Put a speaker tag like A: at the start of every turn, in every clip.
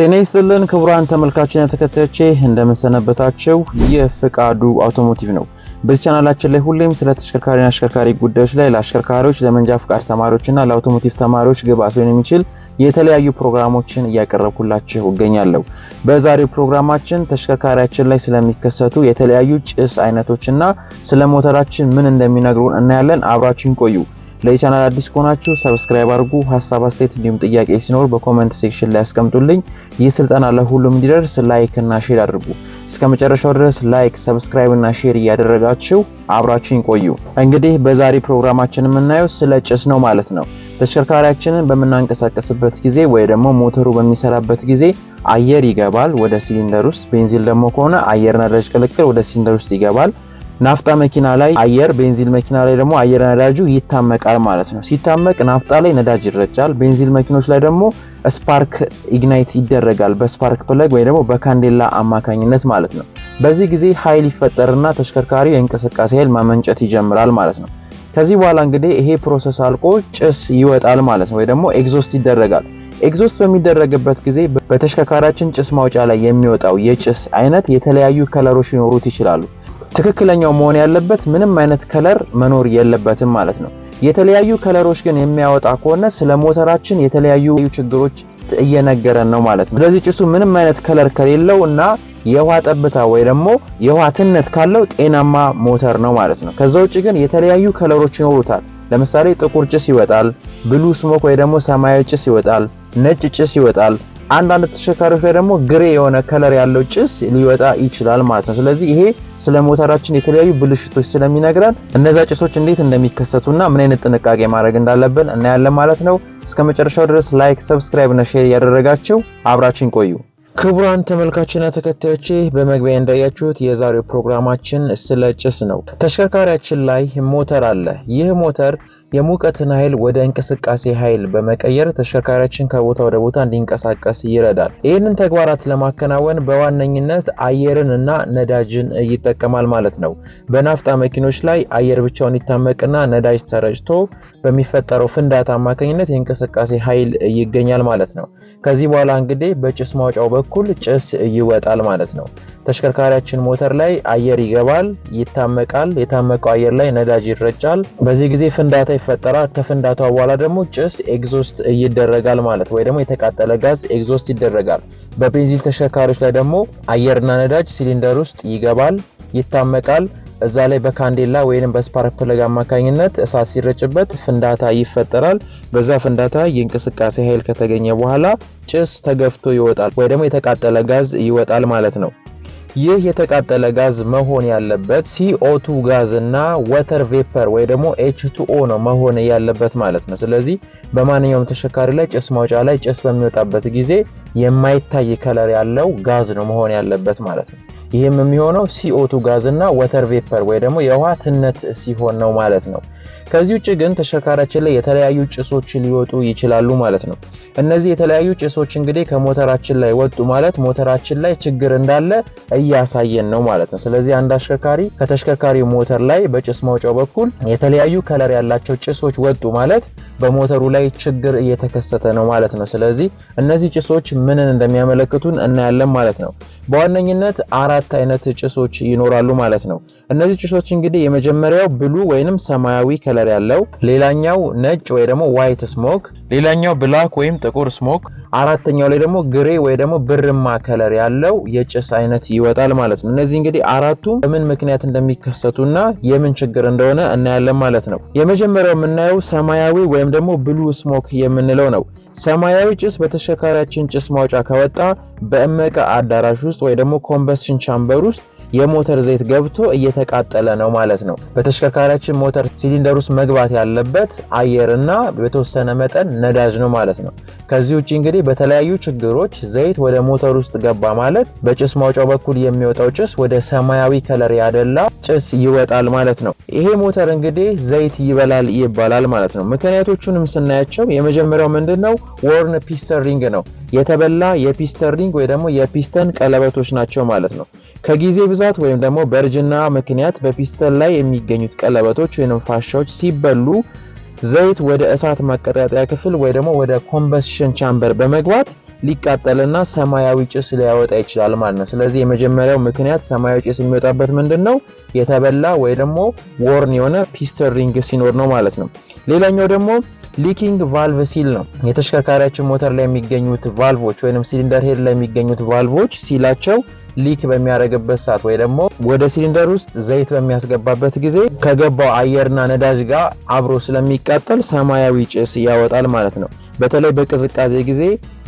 A: ጤና ይስጥልን ክቡራን ተመልካችና ተከታዮች እንደምንሰነበታቸው የፍቃዱ አውቶሞቲቭ ነው። በዚህ ቻናላችን ላይ ሁሌም ስለ ተሽከርካሪና አሽከርካሪ ጉዳዮች ላይ ለአሽከርካሪዎች፣ ለመንጃ ፍቃድ ተማሪዎችና ለአውቶሞቲቭ ተማሪዎች ግብዓት ሊሆን የሚችል የተለያዩ ፕሮግራሞችን እያቀረብኩላችሁ እገኛለሁ። በዛሬው ፕሮግራማችን ተሽከርካሪያችን ላይ ስለሚከሰቱ የተለያዩ ጭስ አይነቶችና ስለ ሞተራችን ምን እንደሚነግሩን እናያለን። አብራችን ቆዩ። ለቻናል አዲስ ከሆናችሁ ሰብስክራይብ አድርጉ። ሀሳብ አስተያየት፣ እንዲሁም ጥያቄ ሲኖር በኮመንት ሴክሽን ላይ ያስቀምጡልኝ። ይህ ስልጠና ለሁሉም እንዲደርስ ላይክ እና ሼር አድርጉ። እስከ መጨረሻው ድረስ ላይክ፣ ሰብስክራይብ እና ሼር እያደረጋችሁ አብራችሁኝ ቆዩ። እንግዲህ በዛሬ ፕሮግራማችን የምናየው ስለ ጭስ ነው ማለት ነው። ተሽከርካሪያችንን በምናንቀሳቀስበት ጊዜ ወይ ደግሞ ሞተሩ በሚሰራበት ጊዜ አየር ይገባል ወደ ሲሊንደር ውስጥ። ቤንዚን ደግሞ ከሆነ አየር ነዳጅ ቅልቅል ወደ ሲሊንደር ውስጥ ይገባል። ናፍጣ መኪና ላይ አየር፣ ቤንዚል መኪና ላይ ደግሞ አየር ነዳጁ ይታመቃል ማለት ነው። ሲታመቅ ናፍጣ ላይ ነዳጅ ይረጫል። ቤንዚል መኪኖች ላይ ደግሞ ስፓርክ ኢግናይት ይደረጋል በስፓርክ ፕለግ ወይ ደግሞ በካንዴላ አማካኝነት ማለት ነው። በዚህ ጊዜ ኃይል ይፈጠርና ተሽከርካሪው የእንቅስቃሴ ኃይል ማመንጨት ይጀምራል ማለት ነው። ከዚህ በኋላ እንግዲህ ይሄ ፕሮሰስ አልቆ ጭስ ይወጣል ማለት ነው ወይ ደግሞ ኤግዞስት ይደረጋል። ኤግዞስት በሚደረግበት ጊዜ በተሽከርካሪያችን ጭስ ማውጫ ላይ የሚወጣው የጭስ አይነት የተለያዩ ከለሮች ሊኖሩት ይችላሉ። ትክክለኛው መሆን ያለበት ምንም አይነት ከለር መኖር የለበትም ማለት ነው። የተለያዩ ከለሮች ግን የሚያወጣ ከሆነ ስለ ሞተራችን የተለያዩ ችግሮች እየነገረን ነው ማለት ነው። ስለዚህ ጭሱ ምንም አይነት ከለር ከሌለው እና የውሃ ጠብታ ወይ ደግሞ የውሃ ትነት ካለው ጤናማ ሞተር ነው ማለት ነው። ከዛ ውጭ ግን የተለያዩ ከለሮች ይኖሩታል። ለምሳሌ ጥቁር ጭስ ይወጣል፣ ብሉ ስሞክ ወይ ደግሞ ሰማያዊ ጭስ ይወጣል፣ ነጭ ጭስ ይወጣል። አንዳንድ ተሽከርካሪዎች ላይ ደግሞ ግሬ የሆነ ከለር ያለው ጭስ ሊወጣ ይችላል ማለት ነው። ስለዚህ ይሄ ስለ ሞተራችን የተለያዩ ብልሽቶች ስለሚነግረን እነዛ ጭሶች እንዴት እንደሚከሰቱና ምን አይነት ጥንቃቄ ማድረግ እንዳለብን እናያለን ማለት ነው። እስከ መጨረሻው ድረስ ላይክ፣ ሰብስክራይብ እና ሼር ያደረጋችሁ አብራችን ቆዩ። ክቡራን ተመልካችና ተከታዮቼ በመግቢያ እንዳያችሁት የዛሬው ፕሮግራማችን ስለ ጭስ ነው። ተሽከርካሪያችን ላይ ሞተር አለ። ይህ ሞተር የሙቀትን ኃይል ወደ እንቅስቃሴ ኃይል በመቀየር ተሽከርካሪያችን ከቦታ ወደ ቦታ እንዲንቀሳቀስ ይረዳል። ይህንን ተግባራት ለማከናወን በዋነኝነት አየርን እና ነዳጅን ይጠቀማል ማለት ነው። በናፍጣ መኪኖች ላይ አየር ብቻውን ይታመቅና ነዳጅ ተረጭቶ በሚፈጠረው ፍንዳታ አማካኝነት የእንቅስቃሴ ኃይል ይገኛል ማለት ነው። ከዚህ በኋላ እንግዲህ በጭስ ማውጫው በኩል ጭስ ይወጣል ማለት ነው። ተሽከርካሪያችን ሞተር ላይ አየር ይገባል፣ ይታመቃል። የታመቀው አየር ላይ ነዳጅ ይረጫል። በዚህ ጊዜ ፍንዳታ ይፈጠራል። ከፍንዳታው በኋላ ደግሞ ጭስ ኤግዞስት ይደረጋል ማለት ወይ ደግሞ የተቃጠለ ጋዝ ኤግዞስት ይደረጋል። በቤንዚን ተሽከርካሪዎች ላይ ደግሞ አየርና ነዳጅ ሲሊንደር ውስጥ ይገባል፣ ይታመቃል። እዛ ላይ በካንዴላ ወይም በስፓርክ ፕለግ አማካኝነት እሳት ሲረጭበት ፍንዳታ ይፈጠራል። በዛ ፍንዳታ የእንቅስቃሴ ኃይል ከተገኘ በኋላ ጭስ ተገፍቶ ይወጣል ወይ ደግሞ የተቃጠለ ጋዝ ይወጣል ማለት ነው። ይህ የተቃጠለ ጋዝ መሆን ያለበት ሲኦቱ ጋዝ እና ወተር ቬፐር ወይ ደግሞ ኤችቱኦ ነው መሆን ያለበት ማለት ነው። ስለዚህ በማንኛውም ተሽከርካሪ ላይ ጭስ ማውጫ ላይ ጭስ በሚወጣበት ጊዜ የማይታይ ከለር ያለው ጋዝ ነው መሆን ያለበት ማለት ነው። ይህም የሚሆነው ሲኦቱ ጋዝ እና ወተር ቬፐር ወይ ደግሞ የውሃ ትነት ሲሆን ነው ማለት ነው። ከዚህ ውጭ ግን ተሽከርካሪያችን ላይ የተለያዩ ጭሶች ሊወጡ ይችላሉ ማለት ነው። እነዚህ የተለያዩ ጭሶች እንግዲህ ከሞተራችን ላይ ወጡ ማለት ሞተራችን ላይ ችግር እንዳለ እያሳየን ነው ማለት ነው። ስለዚህ አንድ አሽከርካሪ ከተሽከርካሪው ሞተር ላይ በጭስ ማውጫው በኩል የተለያዩ ከለር ያላቸው ጭሶች ወጡ ማለት በሞተሩ ላይ ችግር እየተከሰተ ነው ማለት ነው። ስለዚህ እነዚህ ጭሶች ምንን እንደሚያመለክቱን እናያለን ማለት ነው። በዋነኝነት አራት አይነት ጭሶች ይኖራሉ ማለት ነው። እነዚህ ጭሶች እንግዲህ የመጀመሪያው ብሉ ወይንም ሰማያዊ ከለር ያለው፣ ሌላኛው ነጭ ወይ ደግሞ ዋይት ስሞክ፣ ሌላኛው ብላክ ወይም ጥቁር ስሞክ፣ አራተኛው ላይ ደግሞ ግሬ ወይ ደግሞ ብርማ ከለር ያለው የጭስ አይነት ይወጣል ማለት ነው። እነዚህ እንግዲህ አራቱም በምን ምክንያት እንደሚከሰቱና የምን ችግር እንደሆነ እናያለን ማለት ነው። የመጀመሪያው የምናየው ሰማያዊ ወይም ደግሞ ብሉ ስሞክ የምንለው ነው። ሰማያዊ ጭስ በተሽከርካሪያችን ጭስ ማውጫ ከወጣ በእመቀ አዳራሽ ውስጥ ወይ ደግሞ ኮምበስሽን ቻምበር ውስጥ የሞተር ዘይት ገብቶ እየተቃጠለ ነው ማለት ነው። በተሽከርካሪያችን ሞተር ሲሊንደር ውስጥ መግባት ያለበት አየርና በተወሰነ መጠን ነዳጅ ነው ማለት ነው። ከዚህ ውጭ እንግዲህ በተለያዩ ችግሮች ዘይት ወደ ሞተር ውስጥ ገባ ማለት በጭስ ማውጫው በኩል የሚወጣው ጭስ ወደ ሰማያዊ ከለር ያደላ ጭስ ይወጣል ማለት ነው። ይሄ ሞተር እንግዲህ ዘይት ይበላል ይባላል ማለት ነው። ምክንያቶቹንም ስናያቸው የመጀመሪያው ምንድን ነው? ወርን ፒስተን ሪንግ ነው የተበላ የፒስተን ሪንግ ወይ ደግሞ የፒስተን ቀለበቶች ናቸው ማለት ነው። ከጊዜ ብዛት ወይም ደግሞ በእርጅና ምክንያት በፒስተን ላይ የሚገኙት ቀለበቶች ወይም ፋሻዎች ሲበሉ ዘይት ወደ እሳት ማቀጣጠያ ክፍል ወይ ደግሞ ወደ ኮምበስሽን ቻምበር በመግባት ሊቃጠልና ሰማያዊ ጭስ ሊያወጣ ይችላል ማለት ነው። ስለዚህ የመጀመሪያው ምክንያት ሰማያዊ ጭስ የሚወጣበት ምንድን ነው? የተበላ ወይ ደግሞ ወርን የሆነ ፒስተን ሪንግ ሲኖር ነው ማለት ነው። ሌላኛው ደግሞ ሊኪንግ ቫልቭ ሲል ነው። የተሽከርካሪያችን ሞተር ላይ የሚገኙት ቫልቮች ወይም ሲሊንደር ሄድ ላይ የሚገኙት ቫልቮች ሲላቸው ሊክ በሚያደርግበት ሰዓት ወይ ደግሞ ወደ ሲሊንደር ውስጥ ዘይት በሚያስገባበት ጊዜ ከገባው አየርና ነዳጅ ጋር አብሮ ስለሚቃጠል ሰማያዊ ጭስ ያወጣል ማለት ነው። በተለይ በቅዝቃዜ ጊዜ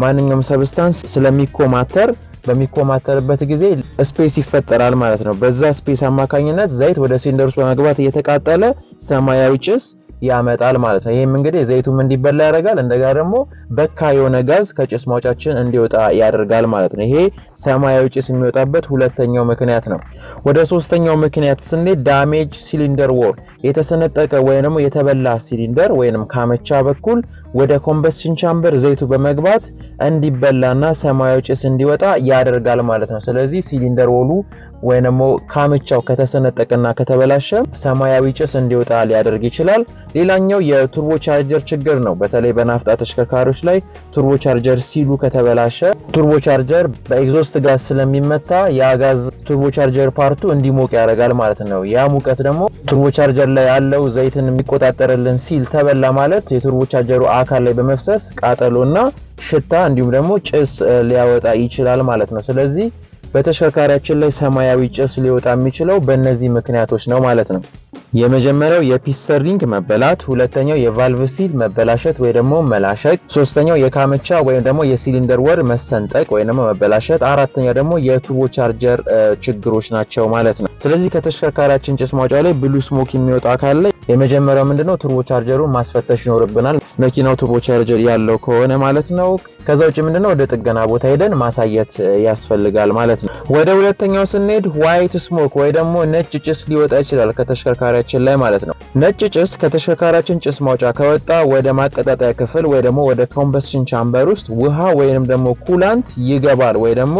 A: ማንኛውም ሰብስታንስ ስለሚኮማተር በሚኮማተርበት ጊዜ ስፔስ ይፈጠራል ማለት ነው። በዛ ስፔስ አማካኝነት ዘይት ወደ ሲሊንደር ውስጥ በመግባት እየተቃጠለ ሰማያዊ ጭስ ያመጣል ማለት ነው። ይህም እንግዲህ ዘይቱም እንዲበላ ያደርጋል። እንደገና ደግሞ በካ የሆነ ጋዝ ከጭስ ማውጫችን እንዲወጣ ያደርጋል ማለት ነው። ይሄ ሰማያዊ ጭስ የሚወጣበት ሁለተኛው ምክንያት ነው። ወደ ሶስተኛው ምክንያት ስንሄድ ዳሜጅ ሲሊንደር ወር የተሰነጠቀ ወይም ደግሞ የተበላ ሲሊንደር ወይም ካመቻ በኩል ወደ ኮምበስሽን ቻምበር ዘይቱ በመግባት እንዲበላና ሰማያዊ ጭስ እንዲወጣ ያደርጋል ማለት ነው። ስለዚህ ሲሊንደር ወሉ ወይ ደግሞ ካምቻው ከተሰነጠቀና ከተበላሸ ሰማያዊ ጭስ እንዲወጣ ሊያደርግ ይችላል። ሌላኛው የቱርቦ ቻርጀር ችግር ነው። በተለይ በናፍጣ ተሽከርካሪዎች ላይ ቱርቦ ቻርጀር ሲሉ ከተበላሸ ቱርቦ ቻርጀር በኤግዞስት ጋዝ ስለሚመታ ያ ጋዝ ቱርቦ ቻርጀር ፓርቱ እንዲሞቅ ያደርጋል ማለት ነው። ያ ሙቀት ደግሞ ቱርቦ ቻርጀር ላይ ያለው ዘይትን የሚቆጣጠርልን ሲል ተበላ ማለት የቱርቦ ቻርጀሩ አካል ላይ በመፍሰስ ቃጠሎና ሽታ እንዲሁም ደግሞ ጭስ ሊያወጣ ይችላል ማለት ነው። ስለዚህ በተሽከርካሪያችን ላይ ሰማያዊ ጭስ ሊወጣ የሚችለው በእነዚህ ምክንያቶች ነው ማለት ነው። የመጀመሪያው የፒስተር ሪንግ መበላት፣ ሁለተኛው የቫልቭ ሲል መበላሸት ወይ ደግሞ መላሸቅ፣ ሶስተኛው የካመቻ ወይም ደግሞ የሲሊንደር ወር መሰንጠቅ ወይም ደግሞ መበላሸት፣ አራተኛው ደግሞ የቱቦ ቻርጀር ችግሮች ናቸው ማለት ነው። ስለዚህ ከተሽከርካሪያችን ጭስ ማውጫ ላይ ብሉ ስሞክ የሚወጣ አካል ላይ የመጀመሪያው ምንድነው ቱርቦ ቻርጀሩን ማስፈተሽ ይኖርብናል። መኪናው ቱቦ ቻርጀር ያለው ከሆነ ማለት ነው። ከዛ ውጭ ምንድነው ወደ ጥገና ቦታ ሄደን ማሳየት ያስፈልጋል ማለት ነው። ወደ ሁለተኛው ስንሄድ ዋይት ስሞክ ወይ ደግሞ ነጭ ጭስ ሊወጣ ይችላል ከተሽከርካሪያችን ላይ ማለት ነው። ነጭ ጭስ ከተሽከርካሪያችን ጭስ ማውጫ ከወጣ ወደ ማቀጣጠያ ክፍል ወይ ደግሞ ወደ ኮምበስሽን ቻምበር ውስጥ ውሃ ወይንም ደግሞ ኩላንት ይገባል ወይ ደግሞ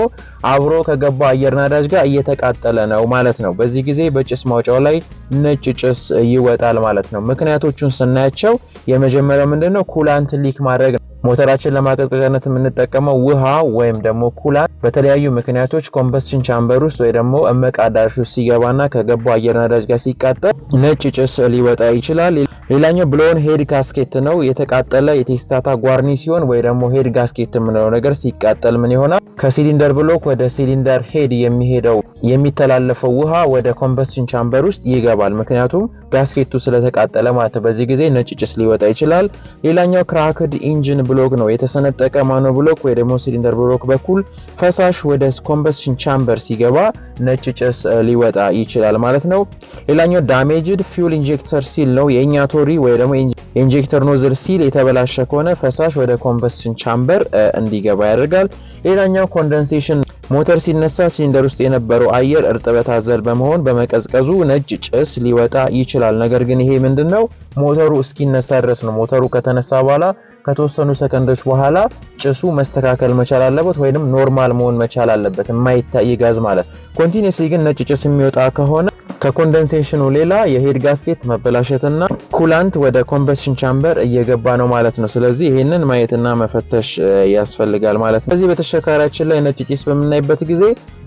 A: አብሮ ከገባ አየር ናዳጅ ጋር እየተቃጠለ ነው ማለት ነው። በዚህ ጊዜ በጭስ ማውጫው ላይ ነጭ ጭስ ይወጣል ማለት ነው። ምክንያቶቹን ስናያቸው የመጀመሪያው ምንድነው ኩላንት ሊክ ማድረግ ነው። ሞተራችን ለማቀዝቀዣነት የምንጠቀመው ውሃ ወይም ደግሞ ኩላን በተለያዩ ምክንያቶች ኮምበስሽን ቻምበር ውስጥ ወይ ደግሞ እመቅ አዳራሽ ውስጥ ሲገባና ከገባው አየር ነዳጅ ጋር ሲቃጠል ነጭ ጭስ ሊወጣ ይችላል። ሌላኛው ብሎን ሄድ ጋስኬት ነው። የተቃጠለ የቴስታታ ጓርኒ ሲሆን ወይ ደግሞ ሄድ ጋስኬት የምንለው ነገር ሲቃጠል ምን ይሆናል? ከሲሊንደር ብሎክ ወደ ሲሊንደር ሄድ የሚሄደው የሚተላለፈው ውሃ ወደ ኮምበስሽን ቻምበር ውስጥ ይገባል። ምክንያቱም ጋስኬቱ ስለተቃጠለ ማለት ነው። በዚህ ጊዜ ነጭ ጭስ ሊወጣ ይችላል። ሌላኛው ክራክድ ኢንጂን ብሎክ ነው። የተሰነጠቀ ማኖ ብሎክ ወይ ደግሞ ሲሊንደር ብሎክ በኩል ፈሳሽ ወደ ኮምበስሽን ቻምበር ሲገባ ነጭ ጭስ ሊወጣ ይችላል ማለት ነው። ሌላኛው ዳሜጅድ ፊውል ኢንጀክተር ሲል ነው። የእኛ ቶሪ ወይ ደግሞ የኢንጀክተር ኖዝል ሲል የተበላሸ ከሆነ ፈሳሽ ወደ ኮምበስሽን ቻምበር እንዲገባ ያደርጋል። ሌላኛው ኮንደንሴሽን ሞተር ሲነሳ ሲሊንደር ውስጥ የነበረው አየር እርጥበት አዘል በመሆን በመቀዝቀዙ ነጭ ጭስ ሊወጣ ይችላል። ነገር ግን ይሄ ምንድን ነው? ሞተሩ እስኪነሳ ድረስ ነው። ሞተሩ ከተነሳ በኋላ ከተወሰኑ ሰከንዶች በኋላ ጭሱ መስተካከል መቻል አለበት ወይንም ኖርማል መሆን መቻል አለበት፣ የማይታይ ጋዝ ማለት ኮንቲኒስሊ ግን ነጭ ጭስ የሚወጣ ከሆነ ከኮንደንሴሽኑ ሌላ የሄድ ጋስኬት መበላሸትና ኩላንት ወደ ኮምበስሽን ቻምበር እየገባ ነው ማለት ነው። ስለዚህ ይህንን ማየትና መፈተሽ ያስፈልጋል ማለት ነው። ስለዚህ በተሽከርካሪያችን ላይ ነጭ ጭስ በምናይበት ጊዜ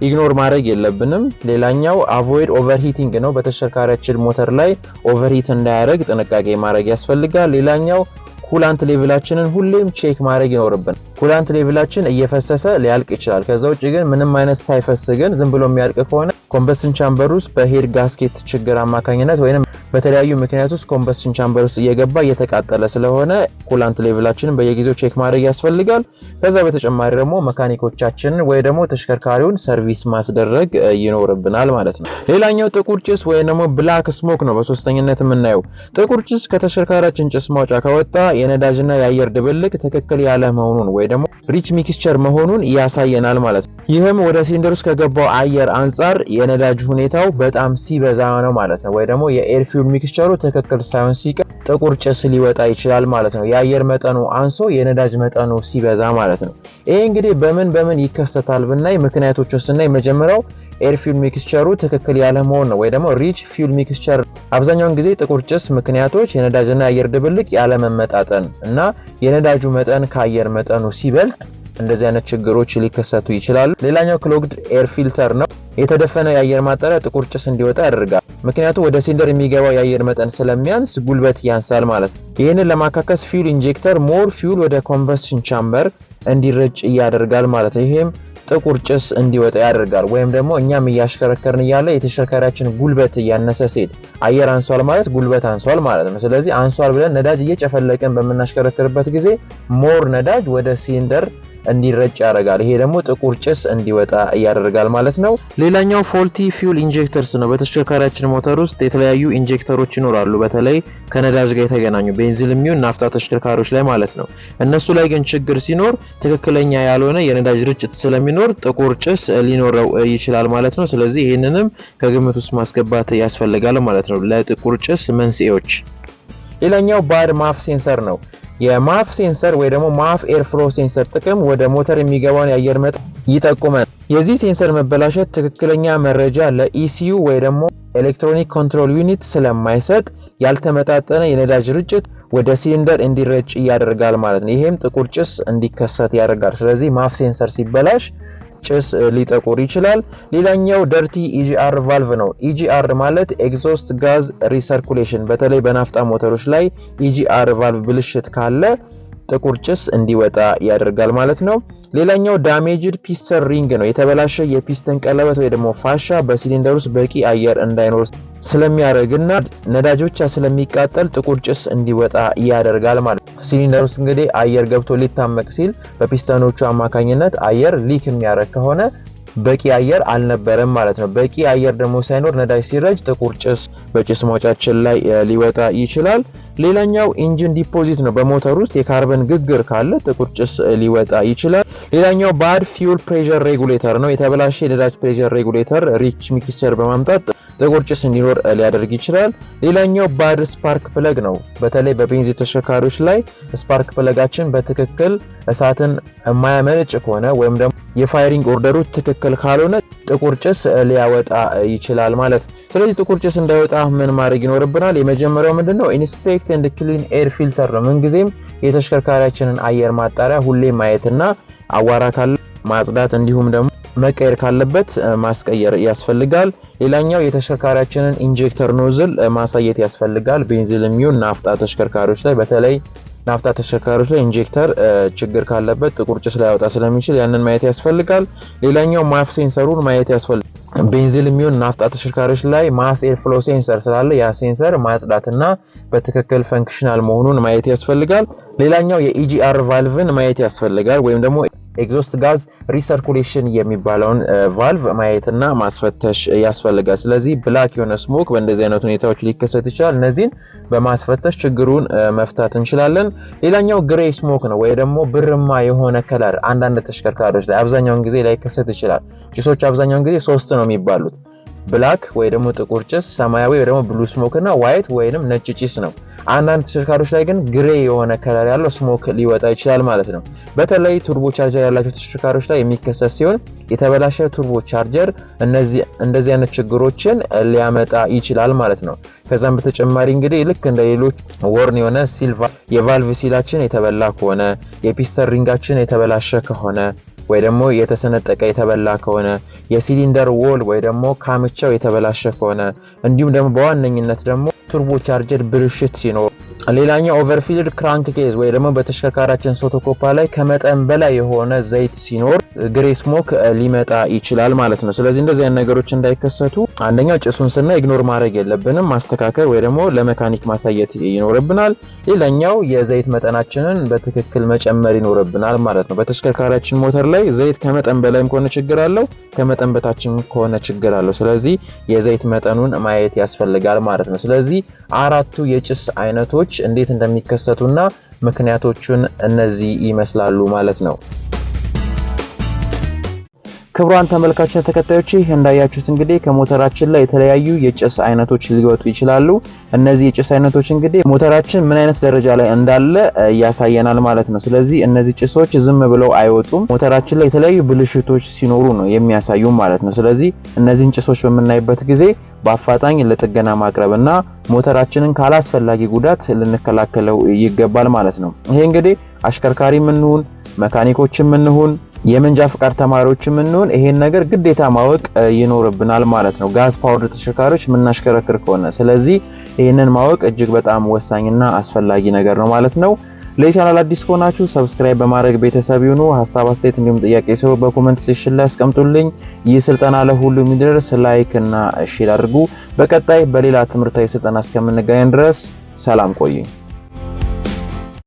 A: ኢግኖር ማድረግ የለብንም። ሌላኛው አቮይድ ኦቨርሂቲንግ ነው። በተሽከርካሪያችን ሞተር ላይ ኦቨርሂት እንዳያደርግ ጥንቃቄ ማድረግ ያስፈልጋል። ሌላኛው ኩላንት ሌቭላችንን ሁሌም ቼክ ማድረግ ይኖርብናል። ኩላንት ሌቭላችን እየፈሰሰ ሊያልቅ ይችላል። ከዛ ውጭ ግን ምንም አይነት ሳይፈስ ግን ዝም ብሎ የሚያልቅ ከሆነ ኮምበስትን ቻምበር ውስጥ በሄድ ጋስኬት ችግር አማካኝነት ወይም በተለያዩ ምክንያት ውስጥ ኮምበስትን ቻምበር ውስጥ እየገባ እየተቃጠለ ስለሆነ ኩላንት ሌቭላችንን በየጊዜው ቼክ ማድረግ ያስፈልጋል። ከዛ በተጨማሪ ደግሞ መካኒኮቻችንን ወይ ደግሞ ተሽከርካሪውን ሰርቪስ ማስደረግ ይኖርብናል ማለት ነው። ሌላኛው ጥቁር ጭስ ወይም ደግሞ ብላክ ስሞክ ነው በሶስተኝነት የምናየው። ጥቁር ጭስ ከተሽከርካሪያችን ጭስ ማውጫ ከወጣ የነዳጅና የአየር ድብልቅ ትክክል ያለ መሆኑን ወይ ደግሞ ሪች ሚክስቸር መሆኑን ያሳየናል ማለት ነው። ይህም ወደ ሲሊንደር ውስጥ ከገባው አየር አንጻር የነዳጅ ሁኔታው በጣም ሲበዛ ነው ማለት ነው። ወይ ደግሞ የኤር ሚክስቸሩ ትክክል ሳይሆን ሲቀር ጥቁር ጭስ ሊወጣ ይችላል ማለት ነው። የአየር መጠኑ አንሶ የነዳጅ መጠኑ ሲበዛ ማለት ነው። ይሄ እንግዲህ በምን በምን ይከሰታል ብናይ ምክንያቶቹ ስናይ መጀመሪያው ኤር ፊውል ሚክስቸሩ ትክክል ያለመሆን ነው ወይ ደግሞ ሪች ፊውል ሚክስቸር። አብዛኛውን ጊዜ ጥቁር ጭስ ምክንያቶች የነዳጅና የአየር ድብልቅ ያለመመጣጠን እና የነዳጁ መጠን ከአየር መጠኑ ሲበልጥ እንደዚህ አይነት ችግሮች ሊከሰቱ ይችላሉ። ሌላኛው ክሎግድ ኤር ፊልተር ነው። የተደፈነ የአየር ማጣሪያ ጥቁር ጭስ እንዲወጣ ያደርጋል። ምክንያቱም ወደ ሲሊንደር የሚገባው የአየር መጠን ስለሚያንስ ጉልበት ያንሳል ማለት ነው። ይህንን ለማካከስ ፊውል ኢንጀክተር ሞር ፊውል ወደ ኮምበስሽን ቻምበር እንዲረጭ እያደርጋል ማለት ነው። ይህም ጥቁር ጭስ እንዲወጣ ያደርጋል። ወይም ደግሞ እኛም እያሽከረከርን እያለ የተሽከርካሪያችን ጉልበት እያነሰ ሲሄድ አየር አንሷል ማለት ጉልበት አንሷል ማለት ነው። ስለዚህ አንሷል ብለን ነዳጅ እየጨፈለቅን በምናሽከረከርበት ጊዜ ሞር ነዳጅ ወደ ሲሊንደር እንዲረጭ ያደርጋል። ይሄ ደግሞ ጥቁር ጭስ እንዲወጣ ያደርጋል ማለት ነው። ሌላኛው ፎልቲ ፊውል ኢንጀክተርስ ነው። በተሽከርካሪያችን ሞተር ውስጥ የተለያዩ ኢንጀክተሮች ይኖራሉ። በተለይ ከነዳጅ ጋር የተገናኙ ቤንዚን የሚሆን ናፍጣ ተሽከርካሪዎች ላይ ማለት ነው። እነሱ ላይ ግን ችግር ሲኖር ትክክለኛ ያልሆነ የነዳጅ ርጭት ስለሚኖር ጥቁር ጭስ ሊኖረው ይችላል ማለት ነው። ስለዚህ ይህንንም ከግምት ውስጥ ማስገባት ያስፈልጋል ማለት ነው ለጥቁር ጭስ መንስኤዎች። ሌላኛው ባድ ማፍ ሴንሰር ነው። የማፍ ሴንሰር ወይ ደግሞ ማፍ ኤርፍሎ ሴንሰር ጥቅም ወደ ሞተር የሚገባውን የአየር መጠን ይጠቁመናል። የዚህ ሴንሰር መበላሸት ትክክለኛ መረጃ ለኢሲዩ ወይ ደግሞ ኤሌክትሮኒክ ኮንትሮል ዩኒት ስለማይሰጥ ያልተመጣጠነ የነዳጅ ርጭት ወደ ሲሊንደር እንዲረጭ ያደርጋል ማለት ነው። ይሄም ጥቁር ጭስ እንዲከሰት ያደርጋል። ስለዚህ ማፍ ሴንሰር ሲበላሽ ጭስ ሊጠቁር ይችላል። ሌላኛው ደርቲ ኢጂአር ቫልቭ ነው። ኢጂአር e ማለት ኤግዞስት ጋዝ ሪሰርኩሌሽን፣ በተለይ በናፍጣ ሞተሮች ላይ ኢጂአር e ቫልቭ ብልሽት ካለ ጥቁር ጭስ እንዲወጣ ያደርጋል ማለት ነው። ሌላኛው ዳሜጅድ ፒስተን ሪንግ ነው። የተበላሸ የፒስተን ቀለበት ወይ ደግሞ ፋሻ በሲሊንደር ውስጥ በቂ አየር እንዳይኖር ስለሚያደርግና ነዳጅ ብቻ ስለሚቃጠል ጥቁር ጭስ እንዲወጣ ያደርጋል ማለት ነው። ሲሊንደር ውስጥ እንግዲህ አየር ገብቶ ሊታመቅ ሲል በፒስተኖቹ አማካኝነት አየር ሊክ የሚያደርግ ከሆነ በቂ አየር አልነበረም ማለት ነው። በቂ አየር ደግሞ ሳይኖር ነዳጅ ሲረጅ ጥቁር ጭስ በጭስ ማውጫችን ላይ ሊወጣ ይችላል። ሌላኛው ኢንጂን ዲፖዚት ነው። በሞተር ውስጥ የካርበን ግግር ካለ ጥቁር ጭስ ሊወጣ ይችላል። ሌላኛው ባድ ፊውል ፕሬር ሬጉሌተር ነው። የተበላሸ የነዳጅ ፕሬር ሬጉሌተር ሪች ሚክስቸር በማምጣት ጥቁር ጭስ እንዲኖር ሊያደርግ ይችላል። ሌላኛው ባድ ስፓርክ ፕለግ ነው። በተለይ በቤንዚ ተሽከርካሪዎች ላይ ስፓርክ ፕለጋችን በትክክል እሳትን የማያመነጭ ከሆነ ወይም ደግሞ የፋይሪንግ ኦርደሩ ትክክል ካልሆነ ጥቁር ጭስ ሊያወጣ ይችላል ማለት ስለዚህ ጥቁር ጭስ እንዳይወጣ ምን ማድረግ ይኖርብናል? የመጀመሪያው ምንድነው? ኢንስፔክት ኤንድ ክሊን ኤር ፊልተር ነው። ምንጊዜም የተሽከርካሪያችንን አየር ማጣሪያ ሁሌ ማየትና አዋራ ካለ ማጽዳት እንዲሁም ደግሞ መቀየር ካለበት ማስቀየር ያስፈልጋል። ሌላኛው የተሽከርካሪያችንን ኢንጀክተር ኖዝል ማሳየት ያስፈልጋል። ቤንዚል የሚሆን ናፍጣ ተሽከርካሪዎች ላይ በተለይ ናፍጣ ተሽከርካሪዎች ላይ ኢንጀክተር ችግር ካለበት ጥቁር ጭስ ሊያወጣ ስለሚችል ያንን ማየት ያስፈልጋል። ሌላኛው ማፍ ሴንሰሩን ማየት ያስፈልጋል። ቤንዚል የሚሆን ናፍጣ ተሽከርካሪዎች ላይ ማስ ኤር ፍሎ ሴንሰር ስላለ ያ ሴንሰር ማጽዳትና በትክክል ፈንክሽናል መሆኑን ማየት ያስፈልጋል። ሌላኛው የኢጂአር ቫልቭን ማየት ያስፈልጋል ወይም ደግሞ ኤግዞስት ጋዝ ሪሰርኩሌሽን የሚባለውን ቫልቭ ማየትና ማስፈተሽ ያስፈልጋል። ስለዚህ ብላክ የሆነ ስሞክ በእንደዚህ አይነት ሁኔታዎች ሊከሰት ይችላል። እነዚህን በማስፈተሽ ችግሩን መፍታት እንችላለን። ሌላኛው ግሬ ስሞክ ነው ወይ ደግሞ ብርማ የሆነ ከለር አንዳንድ ተሽከርካሪዎች ላይ አብዛኛውን ጊዜ ላይከሰት ይችላል። ጭሶች አብዛኛውን ጊዜ ሶስት ነው የሚባሉት ብላክ ወይ ደግሞ ጥቁር ጭስ፣ ሰማያዊ ወይ ደግሞ ብሉ ስሞክ እና ዋይት ወይንም ነጭ ጭስ ነው። አንዳንድ ተሽከርካሪዎች ላይ ግን ግሬ የሆነ ከለር ያለው ስሞክ ሊወጣ ይችላል ማለት ነው። በተለይ ቱርቦ ቻርጀር ያላቸው ተሽከርካሪዎች ላይ የሚከሰት ሲሆን የተበላሸ ቱርቦ ቻርጀር እንደዚህ አይነት ችግሮችን ሊያመጣ ይችላል ማለት ነው። ከዛም በተጨማሪ እንግዲህ ልክ እንደ ሌሎች ወርን የሆነ ሲልቫ የቫልቭ ሲላችን የተበላ ከሆነ የፒስተር ሪንጋችን የተበላሸ ከሆነ ወይ ደግሞ የተሰነጠቀ የተበላ ከሆነ የሲሊንደር ዎል ወይ ደግሞ ካምቻው የተበላሸ ከሆነ እንዲሁም ደግሞ በዋነኝነት ደግሞ ቱርቦ ቻርጀር ብልሽት ሲኖር፣ ሌላኛው ኦቨርፊልድ ክራንክ ኬዝ ወይ ደግሞ በተሽከርካሪያችን ሶቶኮፓ ላይ ከመጠን በላይ የሆነ ዘይት ሲኖር ግሬ ስሞክ ሊመጣ ይችላል ማለት ነው። ስለዚህ እንደዚህ አይነት ነገሮች እንዳይከሰቱ አንደኛው ጭሱን ስና ኢግኖር ማድረግ የለብንም። ማስተካከል ወይ ደግሞ ለመካኒክ ማሳየት ይኖርብናል። ሌላኛው የዘይት መጠናችንን በትክክል መጨመር ይኖርብናል ማለት ነው። በተሽከርካሪያችን ሞተር ላይ ዘይት ከመጠን በላይም ከሆነ ችግር አለው፣ ከመጠን በታችም ከሆነ ችግር አለው። ስለዚህ የዘይት መጠኑን ማየት ያስፈልጋል ማለት ነው። ስለዚህ አራቱ የጭስ አይነቶች እንዴት እንደሚከሰቱና ምክንያቶቹን እነዚህ ይመስላሉ ማለት ነው። ክብሯን ተመልካችን ተከታዮች እንዳያችሁት እንግዲህ ከሞተራችን ላይ የተለያዩ የጭስ አይነቶች ሊወጡ ይችላሉ። እነዚህ የጭስ አይነቶች እንግዲህ ሞተራችን ምን አይነት ደረጃ ላይ እንዳለ ያሳየናል ማለት ነው። ስለዚህ እነዚህ ጭሶች ዝም ብለው አይወጡም። ሞተራችን ላይ የተለያዩ ብልሽቶች ሲኖሩ ነው የሚያሳዩ ማለት ነው። ስለዚህ እነዚህን ጭሶች በምናይበት ጊዜ በአፋጣኝ ለጥገና እና ሞተራችንን ካላስፈላጊ ጉዳት ልንከላከለው ይገባል ማለት ነው። ይሄ እንግዲህ አሽከርካሪ ምንሁን መካኒኮች ምንሁን የመንጃ ፍቃድ ተማሪዎች የምንሆን ይሄን ነገር ግዴታ ማወቅ ይኖርብናል ማለት ነው፣ ጋዝ ፓወርድ ተሽከርካሪዎች የምናሽከረክር ከሆነ። ስለዚህ ይህንን ማወቅ እጅግ በጣም ወሳኝና አስፈላጊ ነገር ነው ማለት ነው። ለቻናል አዲስ ከሆናችሁ ሰብስክራይብ በማድረግ ቤተሰብ ይሁኑ። ሀሳብ አስተያየት፣ እንዲሁም ጥያቄ ሲኖር በኮመንት ሴክሽን ላይ አስቀምጡልኝ። ይህ ስልጠና ለሁሉ የሚደርስ ላይክ እና ሼር አድርጉ። በቀጣይ በሌላ ትምህርታዊ ስልጠና እስከምንገናኝ ድረስ ሰላም ቆዩኝ።